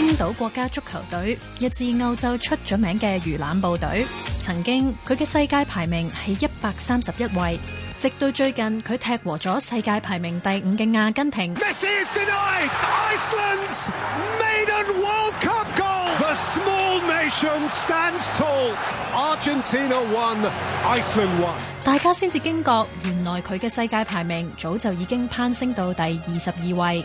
冰島國家足球隊，一支歐洲出咗名嘅魚腩部隊，曾經佢嘅世界排名係一百三十一位，直到最近佢踢和咗世界排名第五嘅阿根廷。This is tonight. Iceland's maiden World Cup goal. The small nation stands tall. Argentina one, Iceland one. 大家先至驚覺，原來佢嘅世界排名早就已經攀升到第二十二位。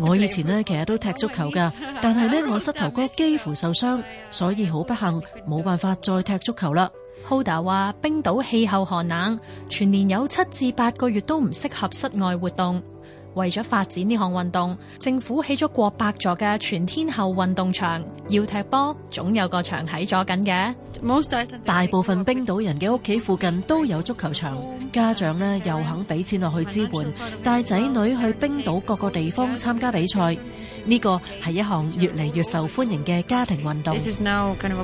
我以前呢，其實都踢足球㗎，oh, wait. 但係呢， 我膝頭哥幾乎受傷， 所以好不幸冇 辦法再踢足球啦。Hoda 話冰島氣候寒冷，全年有七至八個月都唔適合室外活動。為咗發展呢項運動，政府起咗過百座嘅全天候運動場，要踢波總有個場喺咗緊嘅。大部分冰島人嘅屋企附近都有足球場，家長咧又肯俾錢落去支援，帶仔女去冰島各個地方參加比賽。呢個係一項越嚟越受歡迎嘅家庭運動。喺 kind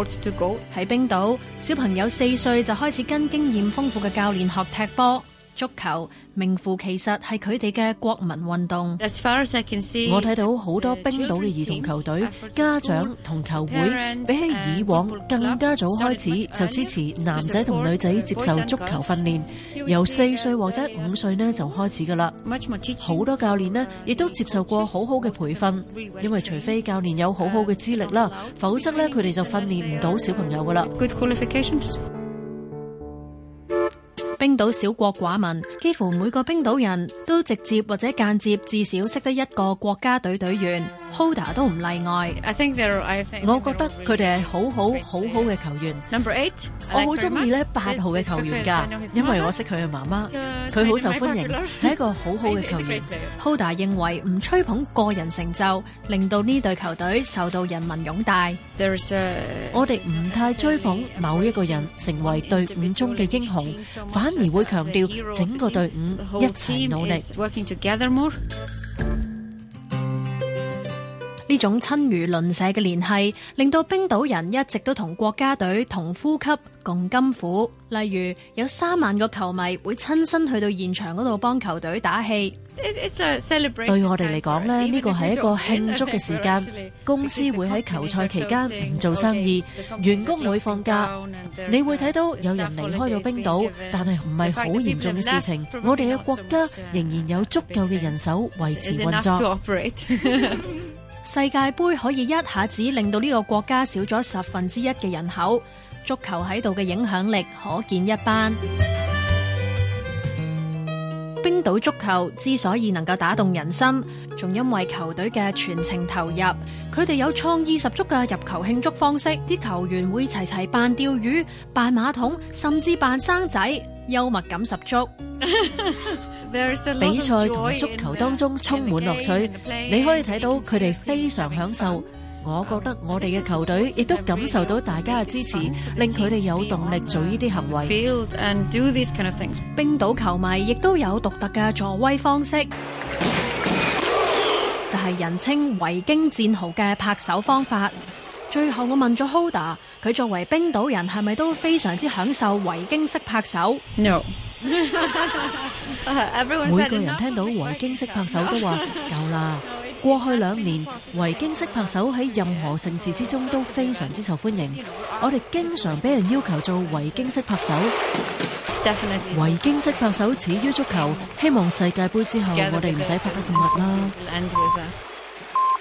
of 冰島，小朋友四歲就開始跟經驗豐富嘅教練學踢波。足球名副其實係佢哋嘅國民運動。我睇到好多冰島嘅兒童球隊，家長同球會比起以往更加早開始就支持男仔同女仔接受足球訓練，由四歲或者五歲呢就開始㗎啦。好多教練呢亦都接受過好好嘅培訓，因為除非教練有好好嘅資歷啦，否則咧佢哋就訓練唔到小朋友㗎啦。冰島小國寡民，幾乎每個冰島人都直接或者間接至少識得一個國家隊隊員。Hoda 都唔例外，我覺得佢哋係好好好好嘅球員。Number eight，我好中意咧八號嘅球員噶，因為我識佢嘅媽媽，佢好受歡迎，係一個好好嘅球員。Hoda 認為唔吹捧個人成就，令到呢隊球隊受到人民擁戴。我哋唔太追捧某一個人成為隊伍中嘅英雄，反而會強調整個隊伍一齊努力。呢種親如鄰舍嘅聯繫，令到冰島人一直都同國家隊同呼吸共甘苦。例如，有三萬個球迷會親身去到現場嗰度幫球隊打氣。對我哋嚟講呢，呢個係一個慶祝嘅時間。公司會喺球賽期間唔做生意，員工會放假。你會睇到有人離開咗冰島，但係唔係好嚴重嘅事情。我哋嘅國家仍然有足夠嘅人手維持運作。世界盃可以一下子令到呢個國家少咗十分之一嘅人口，足球喺度嘅影響力，可見一斑。冰島足球之所以能夠打動人心，仲因為球隊嘅全情投入。佢哋有創意十足嘅入球慶祝方式，啲球員會齊齊扮釣魚、扮馬桶，甚至扮生仔，幽默感十足。 比賽同足球當中充滿樂趣，你可以睇到佢哋非常享受。我覺得我哋嘅球隊亦都感受到大家嘅支持，令佢哋有動力做呢啲行為。冰島球迷亦都有獨特嘅助威方式， 就係人稱「維京戰壕」嘅拍手方法。最後我問咗 Hoda，佢作為冰島人係咪都非常之享受維京式拍手？No， 每個人聽到維京式拍手都話夠啦。 夠過去兩年，維京式拍手喺任何城市之中都非常之受歡迎。我哋經常俾人要求做維京式拍手。維京式拍手始於足球，希望世界盃之後 Together，我哋唔使拍得咁密啦。